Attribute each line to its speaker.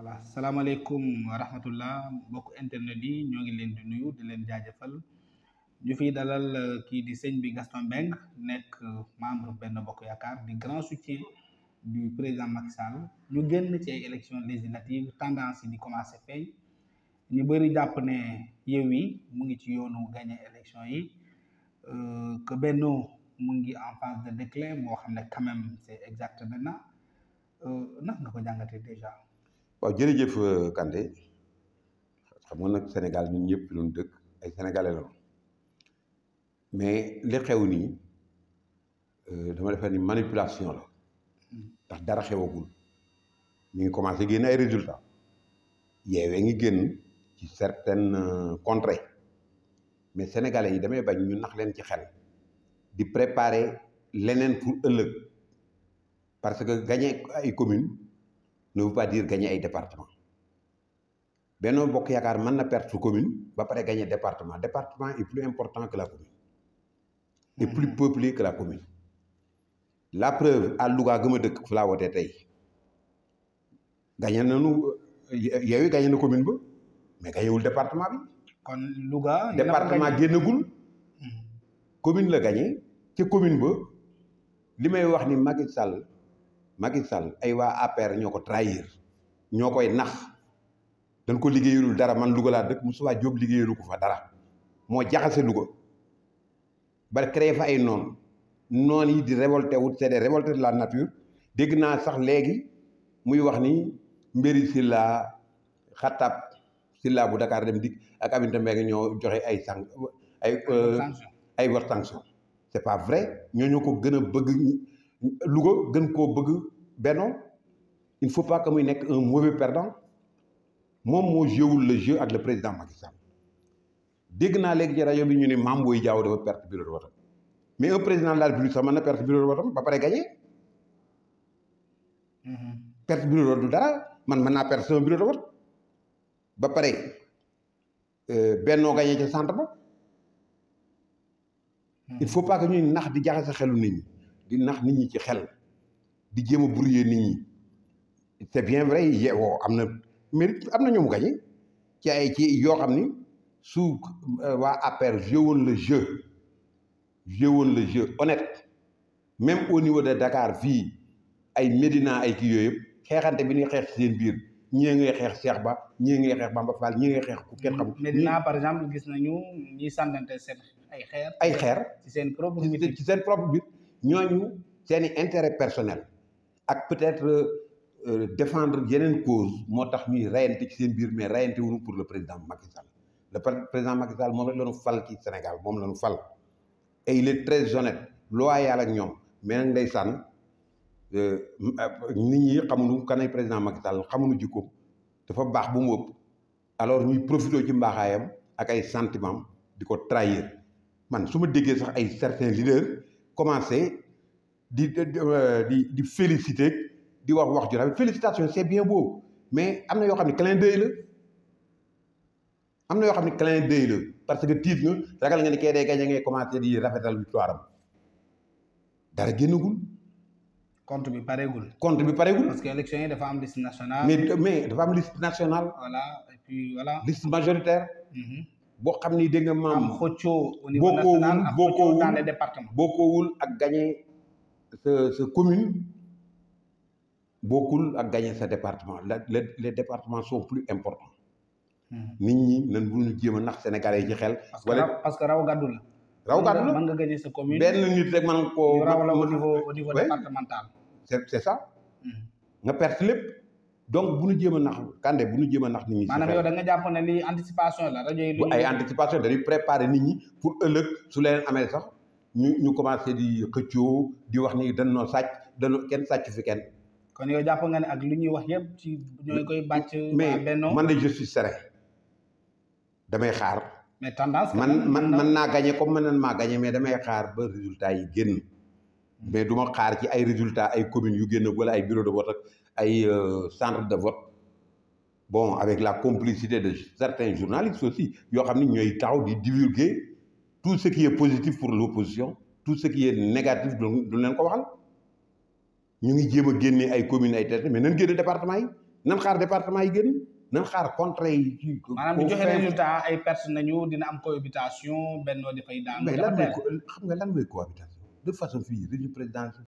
Speaker 1: voilà salaamaaleykum wa rahmatullah mbokk internet yi ñoo ngi leen di nuyu di leen jaajëfal ñu fiy dalal uh, kii di sëñ bi Gaston Mbengue nekk uh, membre benn bokk yaakaar di grand soutien du président Macky Sall ñu génn ci ay élections législatives tendance yi di commencé feeñ ñu bëri jàpp ne yi mu ngi ci yoonu gagné élection yi uh, que Benno mu ngi en phase de déclin boo xam ne quand même c'est exact maintenant nag nga ko jàngatee déjà.
Speaker 2: waaw jërëjëf euh, kande xam nga nag Sénégal ñun ñëpp luñ dëkk ay sénégalais la mais li xew nii euh, dama defee ni manipulation la ndax dara xewagul mu ngi commencé génn ay résultats yeewee ngi génn ci certaines euh, contrées mais sénégalais yi damay bañ ñu nax leen ci xel di préparer leneen pour ëllëg parce que gagner ay communes. ne veut pas dire gagner ay département Benno Bokk Yaakaar man na perdre commune ba pare gagner département département est plus important que la commune est plus hmm. peuplé que la commune la preuve à Louga gëm a dëkk fu laa wootee tey gañe nañu euh, yooyu gagné na commune ba mais gagnewul département bi
Speaker 1: kon Louga département
Speaker 2: génnagul hmm. commune la gagné ci commune ba li may wax ni Macky Sall Macky sal ay waa APR ñoo ko trahir ñoo koy nax dañ ko liggéeyalul dara man Louga laa dëkk Moustapha Diop liggéeyalu ko fa dara moo jaxase Louga ba créé fa ay noonu noon yi di révolté wut c'est des révoltés la nature dégg naa sax léegi muy wax ni mbiri Silla xatab Silla bu Dakar dem dikk ak Aminata Mbengue ñoo joxe ay sang ay ay wax c'est pas vrai ñoo ñoo ko gën a bëgg Louga gën koo bëgg Benno il faut pas que muy nekk un mauvais perdant moom moo jéewul le jeu ak le président Macky Sall dégg naa léegi ci rajo bi ñu ne Mame Boye Diao dafa perte bureau de vote mais un président de la République sax mën na perte bureau de vote ba pare gagné mhm. perte bureau de vote du dara man mën naa perte sama bureau de vote ba pare euh, bennoo gagné ca centre ba mhm. il faut pas que ñuy nax di sa xelu nit ñi di nax nit ñi ci xel di jéem a brouiller nit ñi c'est bien vrai yeewoo oh, am na mérite am na ñoomu gañe ci ay ci yoo xam ni su euh, waa APR joué woon le jeu woon le jeu honnête même au niveau de Dakar fii ay Médina ay kii yooyu yëpp xeexante bi ñuy xeex seen biir ñii ngay xeex Cheikh Ba ñii ngay xeex Bamba Fall ñii ngay xeex ku kenn xamul. Médina par
Speaker 1: exemple gis nañu ñuy sànnante seen ay xeer. ay xeer
Speaker 2: ci seen propre biir ci seen propre biir. ñooñu seeni intérêt personnel ak peut-être euh, euh, défendre yeneen cause moo tax ñuy reyante ci seen biir mais reyante wuñu pour le président Macky Sall le président Macky moom rek la ñu fal ci Sénégal moom la ñu fal et il est très honnête loyal ak ñoom mais nag ndeysaan euh, nit ñi xamuñu kanay président Macky Sall xamuñu jikkoom dafa baax bu mu ëpp alors ñuy profité ci mbaaxaayam ak ay santiment di ko trahir man su ma déggee sax ay certains leaders commencé di di di euh, féliciter di wax wax ju rafet félicitation c'est bien boobu mais am na yoo xam ne clin d'œil la am na yoo xam ne clin d'œil la parce que tiit nga ragal nga ni kay day gañ ngay commencé di rafetal victoire am dara génnagul.
Speaker 1: compte bi pareegul. compte bi pareegul. parce que élection yi dafa am liste nationale. mais mais dafa am liste nationale. voilà majoritaire. Mm-hmm. boo xam ni dégg nga maam
Speaker 2: xëccoo au niveau national ak xëccoo ak gagné sa sa commune bokkul ak gagné sa département le les départements sont plus importants hmm. nit ñi nan bu ñu jéem nax sénégalais yi ci xel
Speaker 1: parce que raw gàddu la raw gàddu la mën nga gagné sa commune benn nit rek mën nga koo raw niveau départemental
Speaker 2: c'est ça hmm. nga perte lépp donc bu ñu jéem a nax Kande bu ñu jéem a nax nit ñi. maanaam yow da
Speaker 1: nga jàpp ne la rajo yi. bu ay
Speaker 2: anticipation dañuy préparer nit ñi pour ëllëg su leen amee sax ñu ñu commencé di xëccoo di wax ni dañoo sàcc dañoo kenn sàcc fi kenn.
Speaker 1: kon yow nga ne ak li ñuy wax yëpp ci ñooy koy bàcc. mais man de je
Speaker 2: suis serein damay xaar.
Speaker 1: mais tendance man man
Speaker 2: man naa gagné comme man maa gagné mee damay xaar ba résultat yi génn. mais du ma xaar ci ay résultat ay communes yu génn wala ay bureau de vote ak ay euh, centre de vote bon avec la complicité de certains journalistes aussi yoo xam ni ñooy taxaw di divulguer tout ce qui est positif pour l'opposition tout ce qui est négatif du leen ko waxal ñu ngi jéem a génne ay commune ay tête mais nan génne département yi nan xaar département yi gën nan xaar contrat yi. ci maanaam ñu joxe résultat
Speaker 1: ay perte nañu am cohabitation benn dafay daan. mais lan mooy
Speaker 2: xam nga lan mooy cohabitation. de façon fii région présidence